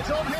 It's on him.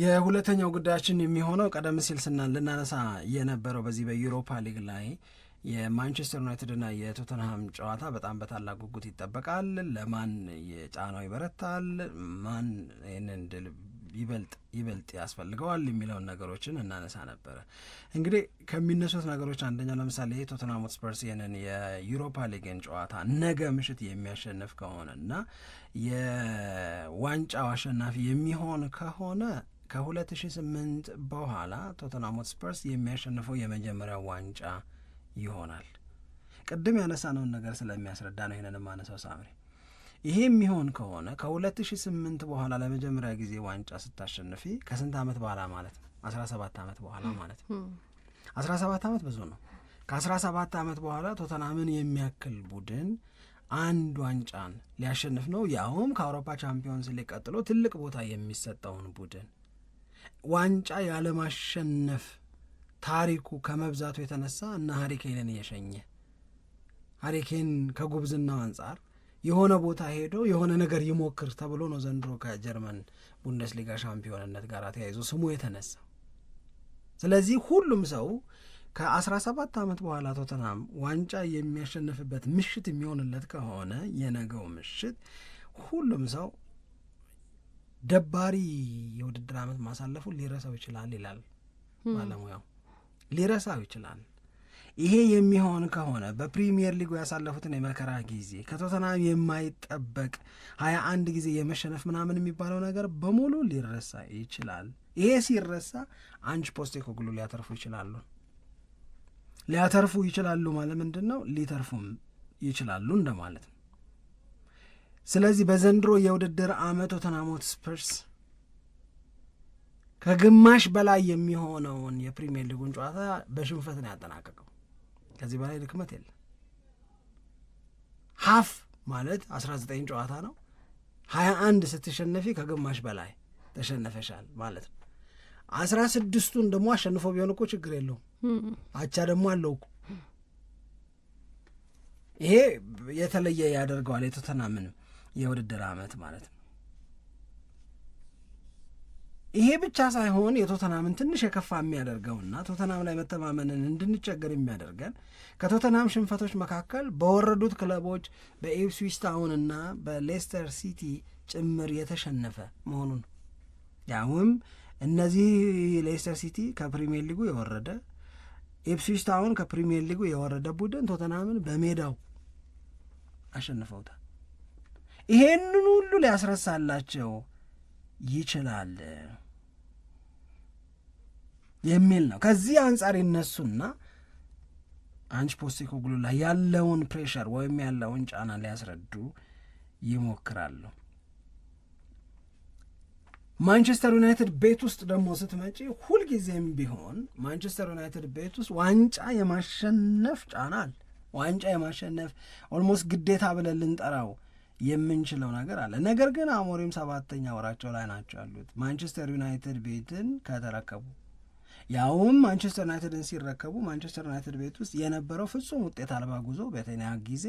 የሁለተኛው ጉዳያችን የሚሆነው ቀደም ሲል ስና ልናነሳ የነበረው በዚህ በዩሮፓ ሊግ ላይ የማንቸስተር ዩናይትድ ና የቶተንሃም ጨዋታ በጣም በታላቅ ጉጉት ይጠበቃል። ለማን የጫናው ይበረታል፣ ማን ይህንን ድል ይበልጥ ይበልጥ ያስፈልገዋል የሚለውን ነገሮችን እናነሳ ነበረ። እንግዲህ ከሚነሱት ነገሮች አንደኛው ለምሳሌ ቶተንሃም ሆትስፐርስ ይህንን የዩሮፓ ሊግን ጨዋታ ነገ ምሽት የሚያሸንፍ ከሆነ ና የዋንጫው አሸናፊ የሚሆን ከሆነ ከ2008 በኋላ ቶተንሃም ሆትስፐርስ የሚያሸንፈው የመጀመሪያው ዋንጫ ይሆናል። ቅድም ያነሳነውን ነገር ስለሚያስረዳ ነው ይህንን ማነሳው ሳምሪ። ይሄ የሚሆን ከሆነ ከ2008 በኋላ ለመጀመሪያ ጊዜ ዋንጫ ስታሸንፊ ከስንት ዓመት በኋላ ማለት ነው? 17 ዓመት በኋላ ማለት ነው። 17 ዓመት ብዙ ነው። ከ17 ዓመት በኋላ ቶተናምን የሚያክል ቡድን አንድ ዋንጫን ሊያሸንፍ ነው፣ ያውም ከአውሮፓ ቻምፒዮንስ ሊቀጥሎ ትልቅ ቦታ የሚሰጠውን ቡድን ዋንጫ ያለማሸነፍ ታሪኩ ከመብዛቱ የተነሳ እና ሀሪኬንን እየሸኘ ሀሪኬን ከጉብዝናው አንጻር የሆነ ቦታ ሄዶ የሆነ ነገር ይሞክር ተብሎ ነው ዘንድሮ ከጀርመን ቡንደስሊጋ ሻምፒዮንነት ጋር ተያይዞ ስሙ የተነሳ። ስለዚህ ሁሉም ሰው ከ17 ዓመት በኋላ ቶተናም ዋንጫ የሚያሸንፍበት ምሽት የሚሆንለት ከሆነ የነገው ምሽት ሁሉም ሰው ደባሪ የውድድር አመት ማሳለፉ ሊረሳው ይችላል ይላል ባለሙያው። ሊረሳው ይችላል። ይሄ የሚሆን ከሆነ በፕሪሚየር ሊጉ ያሳለፉትን የመከራ ጊዜ ከቶተናም የማይጠበቅ ሀያ አንድ ጊዜ የመሸነፍ ምናምን የሚባለው ነገር በሙሉ ሊረሳ ይችላል። ይሄ ሲረሳ ፖስቴ ፖስቴኮግሉ ሊያተርፉ ይችላሉ። ሊያተርፉ ይችላሉ ማለት ምንድን ነው? ሊተርፉም ይችላሉ እንደማለት ነው። ስለዚህ በዘንድሮ የውድድር ዓመት ቶተንሃም ሆትስፐርስ ከግማሽ በላይ የሚሆነውን የፕሪሚየር ሊጉን ጨዋታ በሽንፈት ነው ያጠናቀቀው። ከዚህ በላይ ድክመት የለም። ሀፍ ማለት አስራ ዘጠኝ ጨዋታ ነው። ሀያ አንድ ስትሸነፊ ከግማሽ በላይ ተሸነፈሻል ማለት ነው። አስራ ስድስቱን ደግሞ አሸንፎ ቢሆን እኮ ችግር የለውም። አቻ ደግሞ አለው እኮ። ይሄ የተለየ ያደርገዋል የቶተንሃምንም የውድድር ዓመት ማለት ነው። ይሄ ብቻ ሳይሆን የቶተናምን ትንሽ የከፋ የሚያደርገውና ቶተናም ላይ መተማመንን እንድንቸገር የሚያደርገን ከቶተናም ሽንፈቶች መካከል በወረዱት ክለቦች በኢፕስዊች ታውንና በሌስተር ሲቲ ጭምር የተሸነፈ መሆኑን ያውም እነዚህ ሌስተር ሲቲ ከፕሪሚየር ሊጉ የወረደ ኢፕስዊች ታውን ከፕሪሚየር ሊጉ የወረደ ቡድን ቶተናምን በሜዳው አሸንፈውታል። ይሄንን ሁሉ ሊያስረሳላቸው ይችላል የሚል ነው። ከዚህ አንጻር ይነሱና አንች ፖስቴኮግሉ ላይ ያለውን ፕሬሸር ወይም ያለውን ጫና ሊያስረዱ ይሞክራሉ። ማንቸስተር ዩናይትድ ቤት ውስጥ ደግሞ ስትመጪ ሁልጊዜም ቢሆን ማንቸስተር ዩናይትድ ቤት ውስጥ ዋንጫ የማሸነፍ ጫና አለ። ዋንጫ የማሸነፍ ኦልሞስት ግዴታ ብለን ልንጠራው የምንችለው ነገር አለ። ነገር ግን አሞሪም ሰባተኛ ወራቸው ላይ ናቸው ያሉት ማንቸስተር ዩናይትድ ቤትን ከተረከቡ ያውም ማንቸስተር ዩናይትድን ሲረከቡ ማንቸስተር ዩናይትድ ቤት ውስጥ የነበረው ፍጹም ውጤት አልባ ጉዞ በተለያ ጊዜ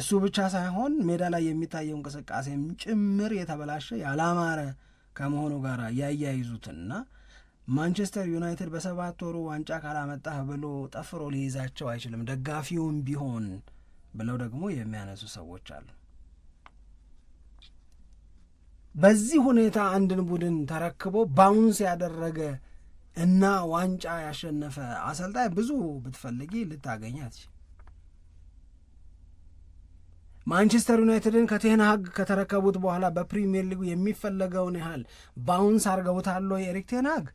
እሱ ብቻ ሳይሆን ሜዳ ላይ የሚታየው እንቅስቃሴም ጭምር የተበላሸ ያላማረ ከመሆኑ ጋር ያያይዙትና ማንቸስተር ዩናይትድ በሰባት ወሩ ዋንጫ ካላመጣህ ብሎ ጠፍሮ ሊይዛቸው አይችልም ደጋፊውም ቢሆን ብለው ደግሞ የሚያነሱ ሰዎች አሉ። በዚህ ሁኔታ አንድን ቡድን ተረክቦ ባውንስ ያደረገ እና ዋንጫ ያሸነፈ አሰልጣኝ ብዙ ብትፈልጊ ልታገኛት። ማንቸስተር ዩናይትድን ከቴንሃግ ከተረከቡት በኋላ በፕሪሚየር ሊጉ የሚፈለገውን ያህል ባውንስ አርገውታል ወይ ኤሪክ ቴንሃግ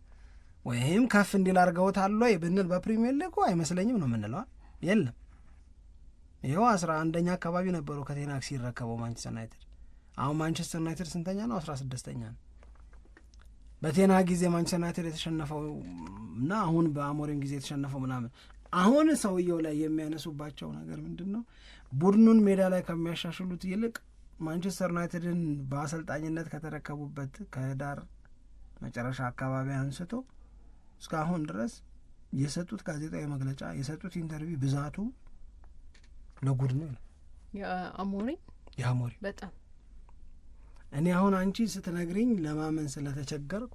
ወይም ከፍ እንዲል አርገውታል ወይ ብንል በፕሪሚየር ሊጉ አይመስለኝም ነው የምንለዋል። የለም ይኸው አስራ አንደኛ አካባቢ ነበሩ ከቴንሃግ ሲረከበው ማንቸስተር ዩናይትድ አሁን ማንቸስተር ዩናይትድ ስንተኛ ነው? አስራ ስድስተኛ ነው። በቴና ጊዜ ማንቸስተር ዩናይትድ የተሸነፈው እና አሁን በአሞሪም ጊዜ የተሸነፈው ምናምን አሁን ሰውየው ላይ የሚያነሱባቸው ነገር ምንድን ነው? ቡድኑን ሜዳ ላይ ከሚያሻሽሉት ይልቅ ማንቸስተር ዩናይትድን በአሰልጣኝነት ከተረከቡበት ከህዳር መጨረሻ አካባቢ አንስቶ እስካሁን ድረስ የሰጡት ጋዜጣዊ መግለጫ የሰጡት ኢንተርቪው ብዛቱ ለጉድ ነው። የአሞሪም የአሞሪ በጣም እኔ አሁን አንቺ ስትነግሪኝ ለማመን ስለተቸገርኩ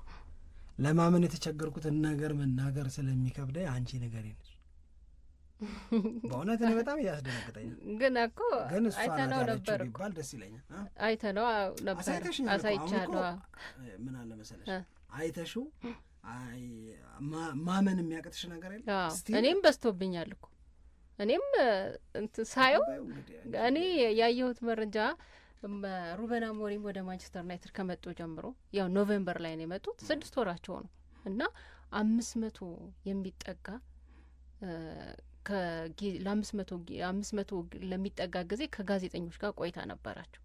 ለማመን የተቸገርኩትን ነገር መናገር ስለሚከብደ አንቺ ንገሪኝ። በእውነት እኔ በጣም እያስደነግጠኝ ግን እኮ ግን አይተነው ነበር ቢባል ደስ ይለኛል። አይተነው ነበር አሳይቻለሁ። ምን አለ መሰለሽ አይተሽው ማመን የሚያቅትሽ ነገር የለ። እኔም በዝቶብኛል እኮ እኔም ሳየው እኔ ያየሁት መረጃ ሩበን አሞሪም ወደ ማንቸስተር ዩናይትድ ከመጡ ጀምሮ ያው ኖቬምበር ላይ ነው የመጡት፣ ስድስት ወራቸው ነው እና አምስት መቶ የሚጠጋ ለአምስት መቶ አምስት መቶ ለሚጠጋ ጊዜ ከጋዜጠኞች ጋር ቆይታ ነበራቸው፣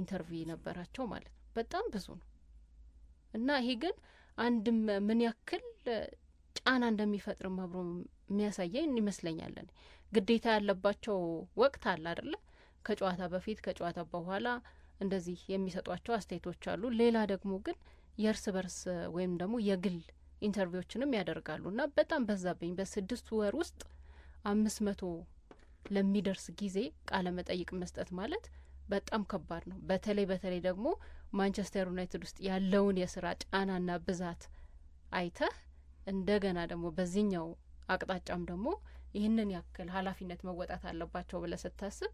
ኢንተርቪው ነበራቸው ማለት ነው። በጣም ብዙ ነው እና ይሄ ግን አንድ ምን ያክል ጫና እንደሚፈጥርም አብሮ የሚያሳየን ይመስለኛለን። ግዴታ ያለባቸው ወቅት አለ አይደለም። ከጨዋታ በፊት ከጨዋታ በኋላ እንደዚህ የሚሰጧቸው አስተያየቶች አሉ። ሌላ ደግሞ ግን የእርስ በርስ ወይም ደግሞ የግል ኢንተርቪዎችንም ያደርጋሉ እና በጣም በዛብኝ። በስድስት ወር ውስጥ አምስት መቶ ለሚደርስ ጊዜ ቃለ መጠይቅ መስጠት ማለት በጣም ከባድ ነው። በተለይ በተለይ ደግሞ ማንቸስተር ዩናይትድ ውስጥ ያለውን የስራ ጫናና ብዛት አይተህ እንደገና ደግሞ በዚህኛው አቅጣጫም ደግሞ ይህንን ያክል ኃላፊነት መወጣት አለባቸው ብለህ ስታስብ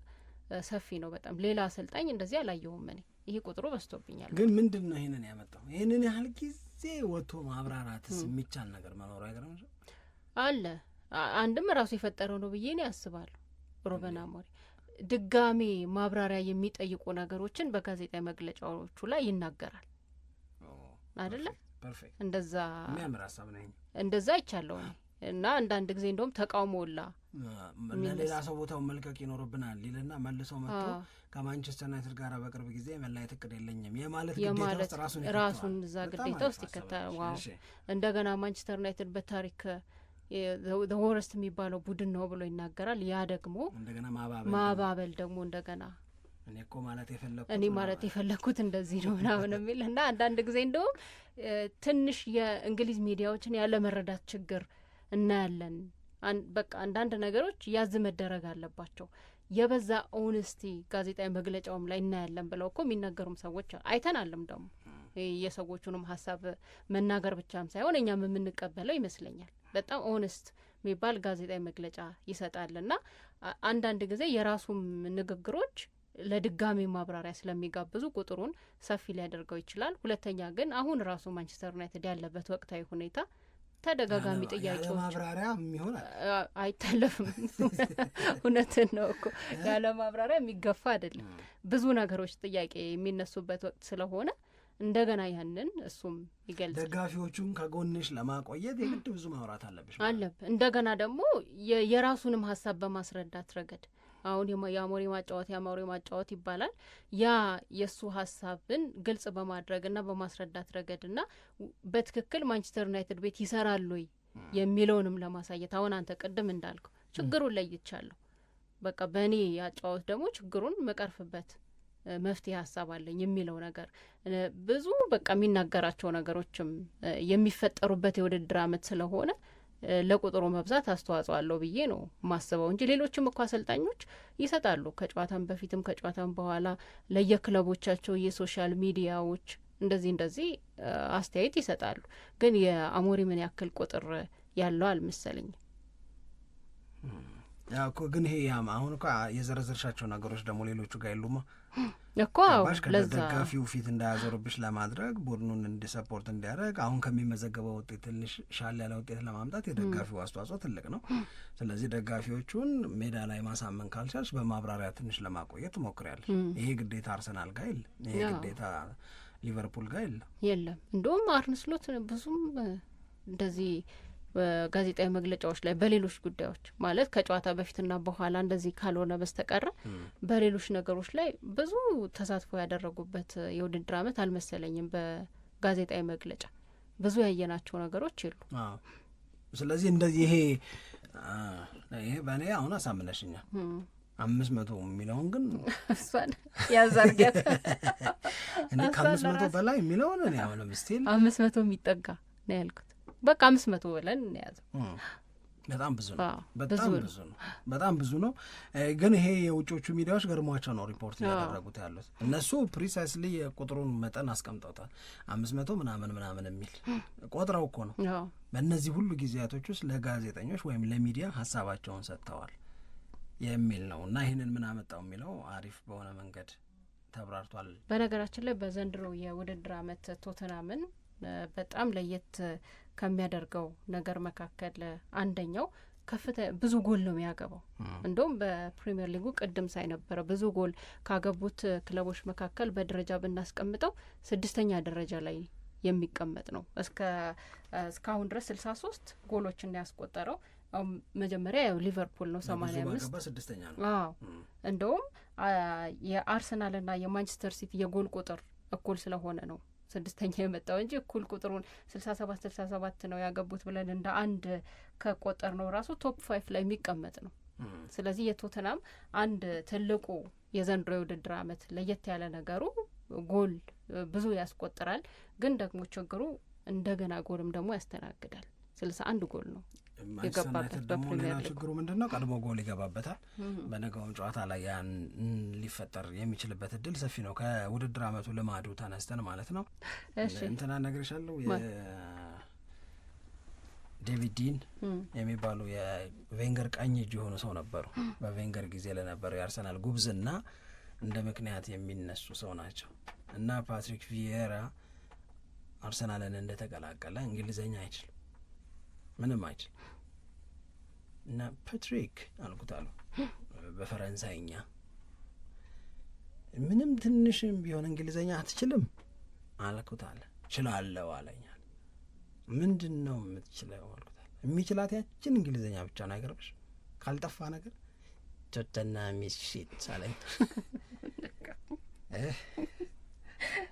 ሰፊ ነው በጣም ሌላ አሰልጣኝ እንደዚህ አላየሁም እኔ ይሄ ቁጥሩ በስቶብኛል ግን ምንድን ነው ይህንን ያመጣው ይህንን ያህል ጊዜ ወጥቶ ማብራራትስ የሚቻል ነገር መኖሩ አይገርም አለ አንድም ራሱ የፈጠረው ነው ብዬ ነው ያስባሉ ሩበን አሞሪም ድጋሜ ማብራሪያ የሚጠይቁ ነገሮችን በጋዜጣዊ መግለጫዎቹ ላይ ይናገራል አይደለም እንደዛ እንደዛ ይቻለው እና አንዳንድ ጊዜ እንደውም ተቃውሞ ተቃውሞላ ሌላ ሰው ቦታው መልቀቅ ይኖርብናል ይልና መልሰው መጥቶ ከማንቸስተር ዩናይትድ ጋር በቅርብ ጊዜ መለያየት እቅድ የለኝም የማለት ግዴታ ራሱን እዛ ግዴታ ውስጥ ይከተል። እንደገና ማንቸስተር ዩናይትድ በታሪክ ወረስት የሚባለው ቡድን ነው ብሎ ይናገራል። ያ ደግሞ እንደገና ማባበል ደግሞ እንደገና እኔ እኮ ማለት የፈለኩት እኔ ማለት የፈለኩት እንደዚህ ነው ምናምን የሚል እና አንዳንድ ጊዜ እንደውም ትንሽ የእንግሊዝ ሚዲያዎችን ያለመረዳት ችግር እናያለን። በቃ አንዳንድ ነገሮች ያዝ መደረግ አለባቸው። የበዛ ኦነስቲ ጋዜጣዊ መግለጫውም ላይ እናያለን ብለው እኮ የሚናገሩም ሰዎች አይተናልም። ደግሞ የሰዎቹንም ሀሳብ መናገር ብቻም ሳይሆን እኛም የምንቀበለው ይመስለኛል። በጣም ኦነስት የሚባል ጋዜጣዊ መግለጫ ይሰጣል እና አንዳንድ ጊዜ የራሱም ንግግሮች ለድጋሚ ማብራሪያ ስለሚጋብዙ ቁጥሩን ሰፊ ሊያደርገው ይችላል። ሁለተኛ ግን አሁን ራሱ ማንቸስተር ዩናይትድ ያለበት ወቅታዊ ሁኔታ ተደጋጋሚ ጥያቄዎች ማብራሪያ የሚሆን አይታለፍም። እውነትን ነው እኮ ያለ ማብራሪያ የሚገፋ አይደለም። ብዙ ነገሮች ጥያቄ የሚነሱበት ወቅት ስለሆነ እንደገና ያንን እሱም ይገልጻል። ደጋፊዎቹን ከጎንሽ ለማቆየት የግድ ብዙ ማውራት አለብሽ አለብ እንደገና ደግሞ የራሱንም ሀሳብ በማስረዳት ረገድ አሁን የአሞሪ ማጫወት የአማሪ ማጫወት ይባላል። ያ የእሱ ሀሳብን ግልጽ በማድረግና በማስረዳት ረገድና በትክክል ማንቸስተር ዩናይትድ ቤት ይሰራሉ ወይ የሚለውንም ለማሳየት አሁን አንተ ቅድም እንዳልከው ችግሩን ለይቻለሁ፣ በቃ በእኔ ያጫወት ደግሞ ችግሩን መቀርፍበት መፍትሄ ሀሳብ አለኝ የሚለው ነገር ብዙ በቃ የሚናገራቸው ነገሮችም የሚፈጠሩበት የውድድር አመት ስለሆነ ለቁጥሩ መብዛት አስተዋጽኦ አለው ብዬ ነው ማስበው እንጂ ሌሎችም እኮ አሰልጣኞች ይሰጣሉ። ከጨዋታም በፊትም ከጨዋታም በኋላ ለየክለቦቻቸው የሶሻል ሚዲያዎች እንደዚህ እንደዚህ አስተያየት ይሰጣሉ። ግን የአሞሪ ምን ያክል ቁጥር ያለው አልመሰለኝም። ግን ይሄ ያም አሁን እኮ የዘረዘርሻቸው ነገሮች ደግሞ ሌሎቹ ጋር የሉማ። እኮ ከደጋፊው ፊት እንዳያዞርብሽ ለማድረግ ቡድኑን እንዲሰፖርት እንዲያደርግ አሁን ከሚመዘገበው ውጤት ትንሽ ሻል ያለ ውጤት ለማምጣት የደጋፊው አስተዋጽኦ ትልቅ ነው። ስለዚህ ደጋፊዎቹን ሜዳ ላይ ማሳመን ካልቻልሽ በማብራሪያ ትንሽ ለማቆየት ትሞክሪያለሽ። ይሄ ግዴታ አርሰናል ጋር የለ፣ ይሄ ግዴታ ሊቨርፑል ጋር የለ የለም። እንደውም አርንስሎት ብዙም እንደዚህ በጋዜጣዊ መግለጫዎች ላይ በሌሎች ጉዳዮች ማለት ከጨዋታ በፊትና በኋላ እንደዚህ ካልሆነ በስተቀረ በሌሎች ነገሮች ላይ ብዙ ተሳትፎ ያደረጉበት የውድድር አመት አልመሰለኝም። በጋዜጣዊ መግለጫ ብዙ ያየናቸው ነገሮች የሉ። ስለዚህ እንደዚህ ይሄ ይሄ በእኔ አሁን አሳምነሽኛል። አምስት መቶ የሚለውን ግን እሷን እኔ ከአምስት መቶ በላይ የሚለውን እኔ አሁንም ስቲል አምስት መቶ የሚጠጋ ነው ያልኩት በቃ አምስት መቶ ብለን እንያዘው። በጣም ብዙ ነው። በጣም ብዙ ነው። በጣም ብዙ ነው። ግን ይሄ የውጮቹ ሚዲያዎች ገርሟቸው ነው ሪፖርት እያደረጉት ያሉት። እነሱ ፕሪሳይስሊ የቁጥሩን መጠን አስቀምጠውታል። አምስት መቶ ምናምን ምናምን የሚል ቆጥረው እኮ ነው። በእነዚህ ሁሉ ጊዜያቶች ውስጥ ለጋዜጠኞች ወይም ለሚዲያ ሀሳባቸውን ሰጥተዋል የሚል ነው እና ይህንን ምን አመጣው የሚለው አሪፍ በሆነ መንገድ ተብራርቷል። በነገራችን ላይ በዘንድሮ የውድድር አመት ቶተናምን በጣም ለየት ከሚያደርገው ነገር መካከል አንደኛው ከፍተ ብዙ ጎል ነው የሚያገባው። እንደውም በፕሪምየር ሊጉ ቅድም ሳይ ነበረ ብዙ ጎል ካገቡት ክለቦች መካከል በደረጃ ብናስቀምጠው ስድስተኛ ደረጃ ላይ የሚቀመጥ ነው። እስከ እስካሁን ድረስ ስልሳ ሶስት ጎሎችን ያስቆጠረው መጀመሪያ ያው ሊቨርፑል ነው ሰማኒያ አምስት አዎ እንደውም የአርሰናልና የማንቸስተር ሲቲ የጎል ቁጥር እኩል ስለሆነ ነው ስድስተኛ የመጣው እንጂ እኩል ቁጥሩን ስልሳ ሰባት ስልሳ ሰባት ነው ያገቡት ብለን እንደ አንድ ከቆጠር ነው ራሱ ቶፕ ፋይፍ ላይ የሚቀመጥ ነው። ስለዚህ የቶተናም አንድ ትልቁ የዘንድሮ የውድድር አመት ለየት ያለ ነገሩ ጎል ብዙ ያስቆጥራል፣ ግን ደግሞ ችግሩ እንደገና ጎልም ደግሞ ያስተናግዳል። ስልሳ አንድ ጎል ነው የገባበት ደግሞ ሌላ ችግሩ ምንድን ነው? ቀድሞ ጎል ይገባበታል። በነገውም ጨዋታ ላይ ያን ሊፈጠር የሚችልበት እድል ሰፊ ነው። ከውድድር ዓመቱ ልማዱ ተነስተን ማለት ነው። እንትና እነግርሻለሁ ዴቪድ ዲን የሚባሉ የቬንገር ቀኝ እጅ የሆኑ ሰው ነበሩ። በቬንገር ጊዜ ለነበረው የአርሰናል ጉብዝና እንደ ምክንያት የሚነሱ ሰው ናቸው እና ፓትሪክ ቪየራ አርሰናልን እንደተቀላቀለ እንግሊዝኛ አይችልም ምንም አይችል እና ፓትሪክ አልኩት አሉ በፈረንሳይኛ ምንም ትንሽም ቢሆን እንግሊዘኛ አትችልም አልኩት አለ ችላለው አለኛል ምንድን ነው የምትችለው አልኩት አለ የሚችላት ያችን እንግሊዘኛ ብቻ ነው ካልጠፋ ነገር ቶተና ሚስሽት አለኝ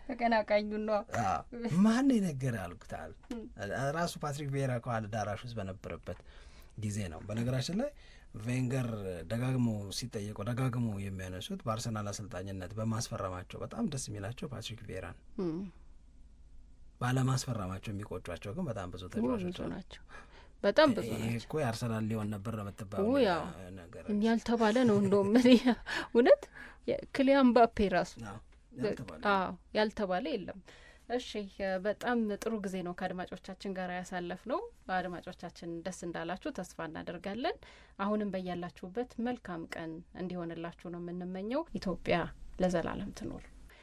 ተቀናቃኙ ነው ማን የነገረ አልኩታል። ራሱ ፓትሪክ ቬራ ከኋላ አዳራሽ ውስጥ በነበረበት ጊዜ ነው። በነገራችን ላይ ቬንገር ደጋግሞ ሲጠየቁ ደጋግሞ የሚያነሱት በአርሰናል አሰልጣኝነት በማስፈረማቸው በጣም ደስ የሚላቸው ፓትሪክ ቬራን ባለማስፈረማቸው የሚቆጯቸው ግን በጣም ብዙ ተጫዋቾች ናቸው። በጣም ብዙ ናቸው እኮ የአርሰናል ሊሆን ነበር የምትባለው ነገር ያልተባለ ነው። እንደውም እውነት ክሊያን ባፔ ራሱ ያልተባለ የለም። እሺ በጣም ጥሩ ጊዜ ነው ከአድማጮቻችን ጋር ያሳለፍ ነው። አድማጮቻችን ደስ እንዳላችሁ ተስፋ እናደርጋለን። አሁንም በያላችሁበት መልካም ቀን እንዲሆንላችሁ ነው የምንመኘው። ኢትዮጵያ ለዘላለም ትኖር።